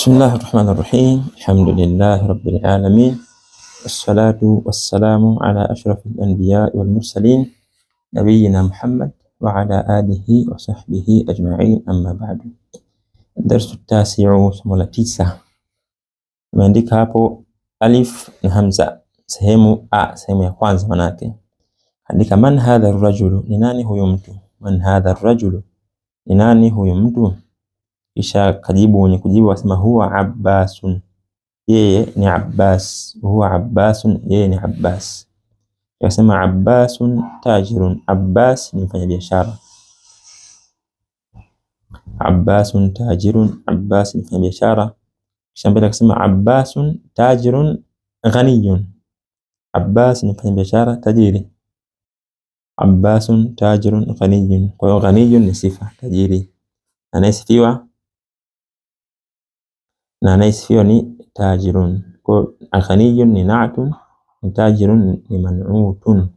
بسم الله الرحمن الرحيم الحمد لله رب العالمين والصلاة والسلام على أشرف الأنبياء والمرسلين نبينا محمد وعلى آله وصحبه أجمعين أما بعد الدرس التاسع ثمانية تسعة imeandika hapo هابو ألف hamza sehemu أ sehemu ya kwanza عندك من هذا الرجل rajulu هو يمتو من هذا الرجل hadha هو يمتو Kisha kajibu mwenye kujibu akasema, huwa Abbasun, yeye ni Abbas. Huwa Abbasun, yeye ni Abbas. Akasema, Abbasun tajirun, Abbas ni mfanyabiashara. Abbasun tajirun, Abbas ni mfanyabiashara. Kisha mbele akasema, Abbasun tajirun ghaniyun, Abbas ni mfanyabiashara tajiri. Abbasun tajirun ghaniyun. Kwa hiyo ghaniyun ni sifa, tajiri anayesifiwa na anaisifiwa ni tajirun. Kwa ghaniyun ni naatun, tajirun ni man'utun,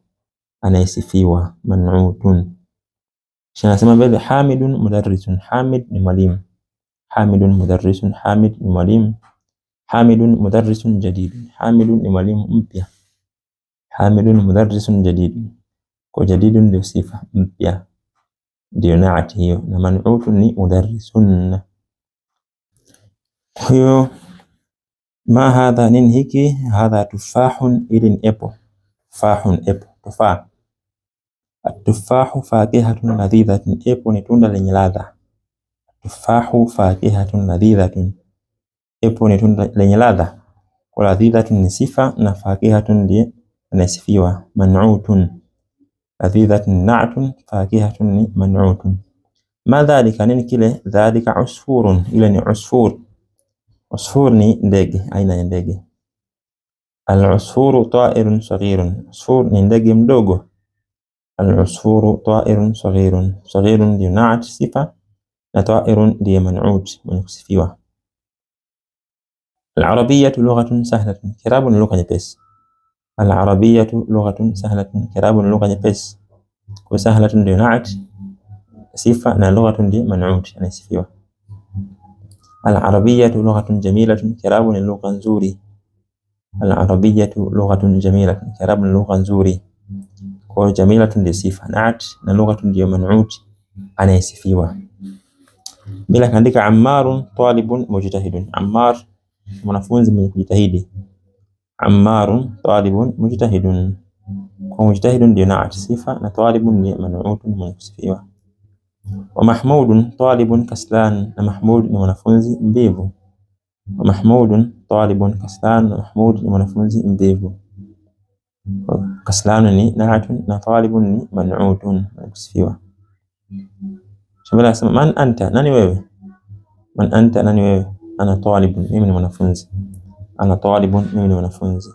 anaisifiwa man'utun. Kisha anasema bali hamidun mudarrisun, hamid ni mwalimu, hamidun mudarrisun, hamid ni mwalimu, hamidun mudarrisun jadidun, hamidun ni mwalimu mpya, hamidun mudarrisun jadidun. Kwa jadidun ndio sifa mpya, ndio naati hiyo, na man'utun ni mudarrisun huyo ma hadha, nini hiki? Hadha tufahun, ili ni epo. Fahun, epo, tufaa. Atufahu fakihatun nadhidatun, epo ni tunda lenye ladha. Atufahu fakihatun nadhidatun, epo ni tunda lenye ladha. Kwa nadhidatun ni sifa na fakihatun ndiye anasifiwa. Man'utun, nadhidatun na'tun, fakihatun ni man'utun. Ma dhalika, nini kile? Dhalika usfurun, ile ni usfur عصفور ني ندجي أين ندجي العصفور طائر صغير عصفور ندجي مدوغو العصفور طائر صغير صغير دي نعت صفة طائر دي منعوت من العربية لغة سهلة كراب لغة بس العربية لغة سهلة كراب لغة بس وسهلة دي نعت صفة لغة دي منعوت يعني سفيوة. Al-arabiyatu lughatun jamilatun, Kiarabu ni lugha nzuri. Al-arabiyatu lughatun jamilatun, Kiarabu ni lugha nzuri. Kwa jamilatun ndio sifa, naat na lughatun ndio man'ut, anayesifiwa. Bila kaandika ammarun talibun mujtahidun, Ammar mwanafunzi mwenye kujitahidi. Ammarun talibun mujtahidun, kwa mujtahidun ndio naat sifa na talibun ni man'ut mwenye kusifiwa wa mahmudun talibun kaslan, na mahmud ni mwanafunzi mvivu. Wa mahmudun talibun kaslan, na mahmud ni mwanafunzi mvivu. Kaslan ni naatun na talibun ni man'utun, kusifiwa. Shambala asema man anta, nani wewe? Man anta, nani wewe? Ana talibun, mimi ni mwanafunzi. Ana talibun, mimi ni mwanafunzi.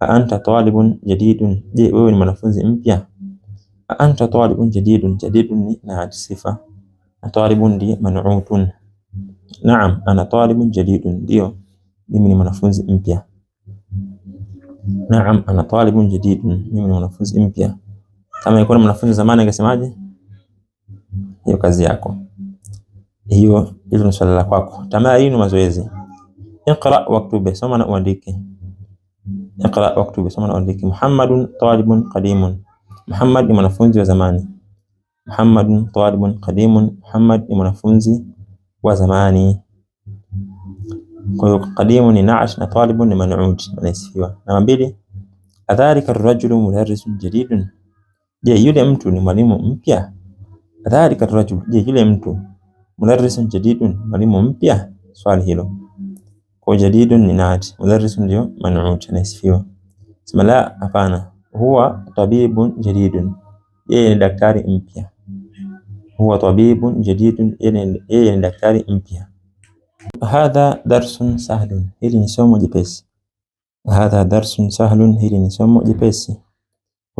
Anta talibun jadidun, je, wewe ni mwanafunzi mpya? Anta talibun jadidun, jadidun ni na sifa na talibun ndi man'utun. Naam, ana talibun jadidun, ndio mimi ni mwanafunzi mpya. Naam, ana talibun jadidun, mimi ni mwanafunzi mpya. Kama ilikuwa mwanafunzi zamani angesemaje? Hiyo kazi yako hiyo, hilo ni swala la kwako. Tamayinu, mazoezi. Iqra waktub, soma na uandike. Iqra waktub, soma na uandike. Muhammadun talibun qadimun Muhammad ni mwanafunzi wa zamani. Muhammad talibun qadimun, Muhammad ni mwanafunzi wa zamani. Kwa hiyo qadimu ni naash na talibun ni man'ud, anasifiwa. Namba mbili, adhalika rajulu mudarrisun jadidun, je, yule mtu ni mwalimu mpya? Adhalika rajulu, je, yule mtu mudarrisun jadidun, mwalimu mpya? Swali hilo. Kwa jadidun ni naat, mudarrisun ndio man'ud, anasifiwa. Sema la, hapana Huwa tabibun jadidun, yeye ni daktari mpya. Huwa tabibun jadidun, yeye ni daktari mpya. Hadha darsun sahlun, hili ni somo jepesi. Hadha darsun sahlun, hili ni somo jepesi.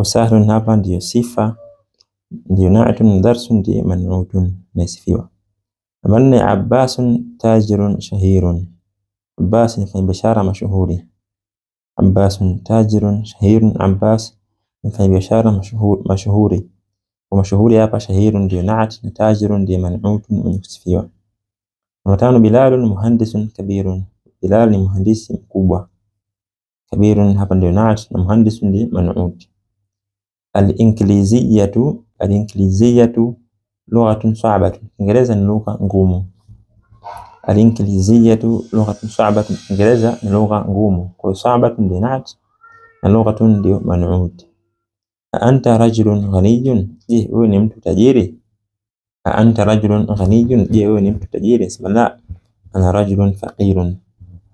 Sahlun hapa ndiyo sifa, ndiyo naatun. Darsun ndiyo manutun, nasifiwa. Manne abbasun tajirun shahirun, Abbas ni mfanyabiashara mashuhuri. Abbas tajirun shahirun. Abbas mfanyabiashara mashuhuri. Kwa mashuhuri hapa shahirun ndio naat na tajirun ndio man'utun mwenye kusifiwa. Namba tano, Bilalun muhandisun kabirun. Bilal ni mhandisi mkubwa. Kabirun hapa ndio naat na muhandisun ndio man'ut. Al-Inkliziyatu, al-Inkliziyatu lughatun sa'batun. Kiingereza ni lugha ngumu. الإنجليزية لغة صعبة إنجليزة لغة قوم صعبة دينات لغة لمنعود أنت رجل غني جيه ونمت تجيري أنت رجل غني جيه ونمت تجيري اسم الله أنا رجل فقير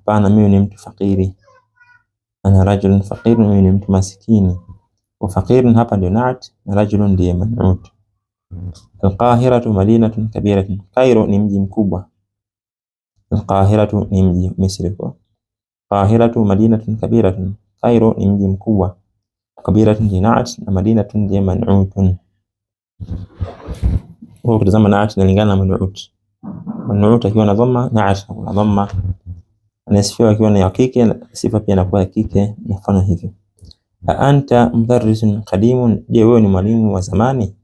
فأنا ميونمت فقيري أنا رجل فقير ميونمت مسكيني وفقير هبا لنعت رجل لمنعود القاهرة مدينة كبيرة كايرو نمجي مكوبة Alqahiratu ni mji Misri. Qahiratu madinatun kabiratun, Kairo ni mji mkubwa. Kabiratun ni Naat na madinatun ni Man'utun. kutazama Naat inalingana na Man'ut. Man'ut akiwa na dhamma, Naat na dhamma. Anasifiwa akiwa ni ya sifa pia inakuwa ya kike, mfano hivi. Anta mudarrisun qadimun, je, wewe ni mwalimu wa zamani?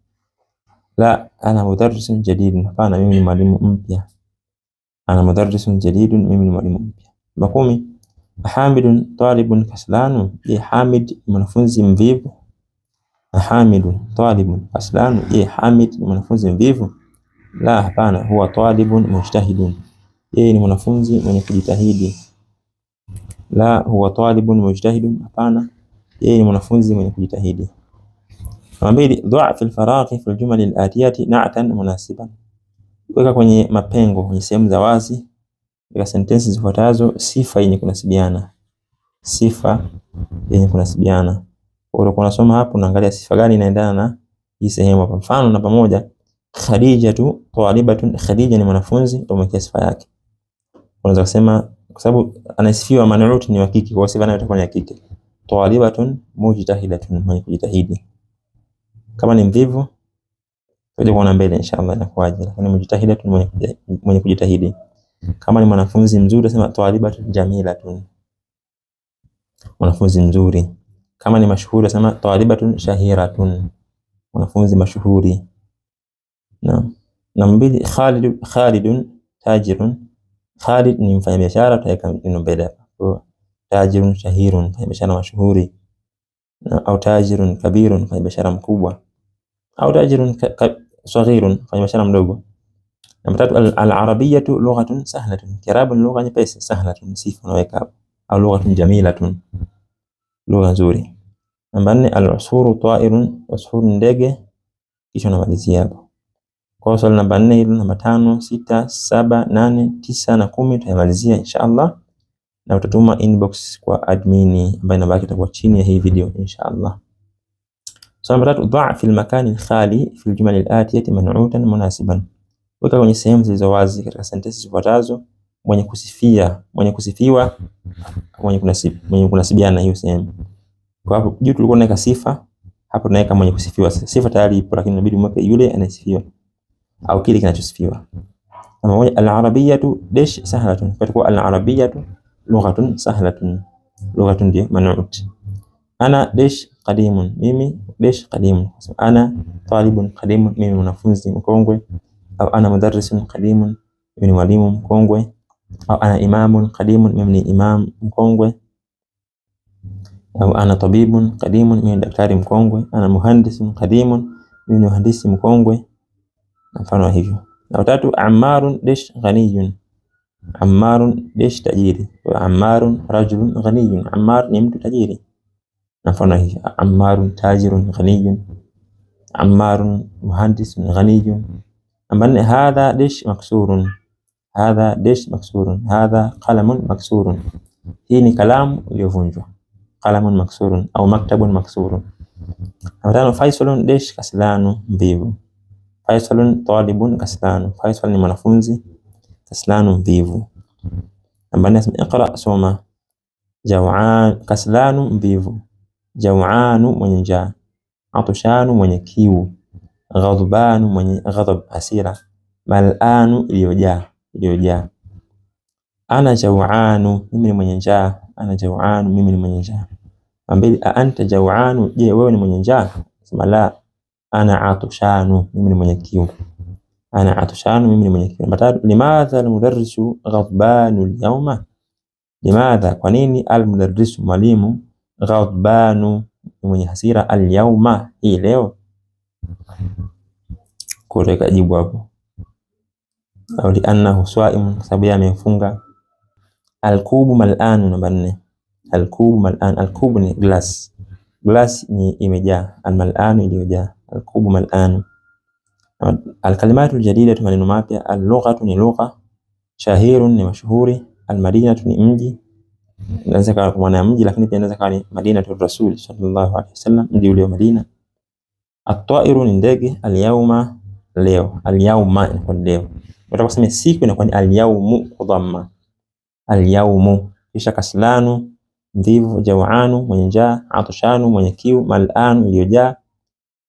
La, ana mudarrisun jadidun, hapana, mimi ni mwalimu mpya. أنا مدرس جديد من مريم بقومي حامد طالب كسلان إيه حامد منفوز مبيب حامد طالب كسلان إيه حامد منفوز مبيب لا هبانا هو طالب مجتهد إيه منفوز من يجتهد لا هو طالب مجتهد هبانا إيه منفوز من يجتهد ضعف الفراغ في الجمل الآتية نعتا مناسبا Weka kwenye mapengo kwenye sehemu za wazi, weka sentensi zifuatazo: sifa yenye kunasibiana, sifa yenye kunasibiana. Kwa hiyo unasoma hapo, unaangalia sifa gani inaendana na hii sehemu hapa. Mfano na pamoja Khadija tu talibatun, Khadija ni mwanafunzi, umewekea sifa yake. Unaweza kusema kwa sababu anasifiwa manarut ni wa kike, kwa sifa nayo itakuwa ni ya kike. Talibatun mujtahidatun, mwenye kujitahidi. Kama ni mvivu Tuje kuona mbele inshallah inakuaje, lakini mjitahidi tu, mwenye kujitahidi. Kama ni mwanafunzi mzuri sema tu jamila tu, mwanafunzi mzuri. Kama ni mashuhuri sema shahira tu, mwanafunzi mashuhuri. Na na mbili, Khalid Khalidun tajirun. Khalid ni mfanyabiashara, tutaweka neno mbele hapo. Tajirun shahirun, mfanyabiashara mashuhuri. Na Au tajirun kabirun, mfanyabiashara mkubwa. Au tajirun saghirun, fanya mashana mdogo. Namba tatu, al-arabiyatu lughatun sahlatun, kirabun ni lugha nyepesi. Sahlatun sifa unaweka hapo, au lughatun jamilatun, lugha nzuri. Namba nne, al-usuru ta'irun, usuru ndege, kisha unamalizia hapo. Kwa swali namba nne hilo, namba tano, sita, saba, nane, tisa na kumi tutamalizia inshaallah, na utatuma inbox kwa admini ambaye namba yake itakuwa chini ya hii video inshaallah. Swali tatu, dha fi lmakani lkhali fi ljumali latiyati manutan munasiban, weka kwenye sehemu zilizo wazi katika sentensi zifuatazo: mwenye kusifia, mwenye kusifiwa, mwenye kunasib, mwenye kunasibiana. Hiyo sehemu kwa hapo juu tulikuwa tunaweka sifa, hapo tunaweka mwenye kusifiwa. Sifa tayari ipo, lakini inabidi mweke yule anayesifiwa au kile kinachosifiwa. Namba moja, alarabiyatu dash sahlatun, kwa kuwa alarabiyatu lughatun sahlatun, lughatun ndio man'ut ana dash qadimun, mimi dash qadimun. Ana talibun qadimun, mimi mwanafunzi mkongwe. Au ana mudarrisun qadimun, mimi ni mwalimu mkongwe. Au ana imamun qadimun, mimi ni imam mkongwe. Au ana tabibun qadimun, mimi ni daktari mkongwe. Ana muhandisun qadimun, mimi ni muhandisi mkongwe, na mfano hivyo. Na tatu, ammarun dash ghaniyun Ammarun dash tajiri. Ammarun rajulun ghaniyun, Ammar ni mtu tajiri. Mfano ammarun tajirun ghaniyun, ammarun muhandisun ghaniyun. Namba nne, hadha dish maksurun, hadha dish maksurun, hadha qalamun maksurun. Hii ni kalamu iliyovunjwa, qalamun maksurun au maktabun maksurun. Namba tano, faisalun dish kaslanu, mbivu. Faisalun talibun kaslanu, faisal ni mwanafunzi, kaslanu mbivu. Namba nne, iqra soma, jawaan kaslanu mbivu Jauanu mwenye njaa, atushanu mwenye kiu, ghadhbanu mwenye ghadhab, hasira, malanu iliyojaa iliyojaa. Ana jauanu, mimi ni mwenye njaa. Ana jauanu, mimi ni mwenye njaa. Ambili, a anta jauanu, je wewe ni mwenye njaa? Sema la, ana atshanu, mimi ni mwenye kiu. Ana atshanu, mimi ni mwenye kiu. Namba tatu, limadha almudarrisu ghadbanu alyawma? Limadha, kwa nini? Almudarrisu, mwalimu ghadbanu, mwenye hasira. Alyauma, hii leo. Kuweka jibu hapo, au liannahu swaimun, sababu yeye amefunga. Alkubu mal'an, namba 4. Alkubu mal'an, alkubu ni glass, glass ni imejaa, almal'an iliyojaa, alkubu mal'an. Alkalimatu ljadidatu, maneno mapya. Allughatu ni lugha, shahirun ni mashuhuri, almadinatu ni mji inaweza kuwa mji, lakini pia inaweza kuwa ni Madina tu Rasul sallallahu alaihi wasallam, mji ule wa Madina. Atwairu ni ndege, alyauma leo, alyauma inakuwa ni leo. Unataka kusema siku inakuwa ni alyaumu kwa dhamma, alyaumu. Kisha kaslanu ndivu, jawanu mwenye njaa, atushanu mwenye kiu, malanu iliyojaa,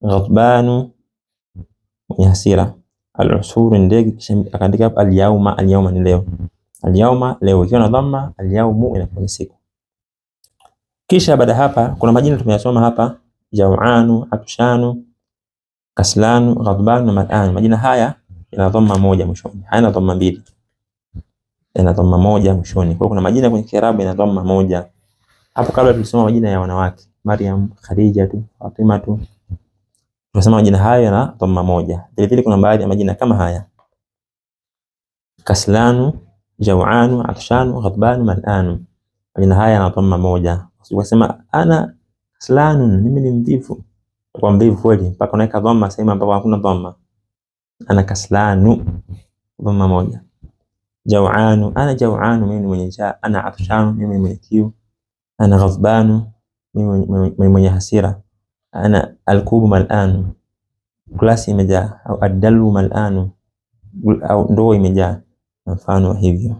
ghadbanu mwenye hasira, alusuru ndege. Kisha akaandika hapa alyauma, alyauma ni leo. Alyauma leo ikiwa na dhamma alyaumu inakuwa siku. Kisha baada hapa kuna majina tumeyasoma hapa jauanu, atshanu, kaslanu, ghadbanu na mal'an. Majina haya yana dhamma moja mwishoni. Hayana dhamma mbili. Yana dhamma moja mwishoni. Kwa kuna majina kwenye Kiarabu yana dhamma moja. Hapo kabla tulisoma majina ya wanawake, Maryam, Khadija tu, Fatima tu. Tunasema majina haya yana dhamma moja. Vile vile kuna baadhi ya majina kama haya. Kaslanu jawanu, atshanu, ghadbanu, malanu. Majina haya yana dhamma moja. Ukasema ana slanun, mimi ni mvivu. Kwa mvivu kweli mpaka unaweka dhamma sehemu ambapo hakuna dhamma. Ana kaslanu, dhamma moja. Jawanu, ana jawanu, mimi ni mwenye njaa. Ana atshanu, mimi ni mwenye kiu. Ana ghadbanu, mimi mwenye hasira. Ana alkubu malanu, glasi imejaa. Au addalu malanu, au ndoo imejaa na mfano hivyo.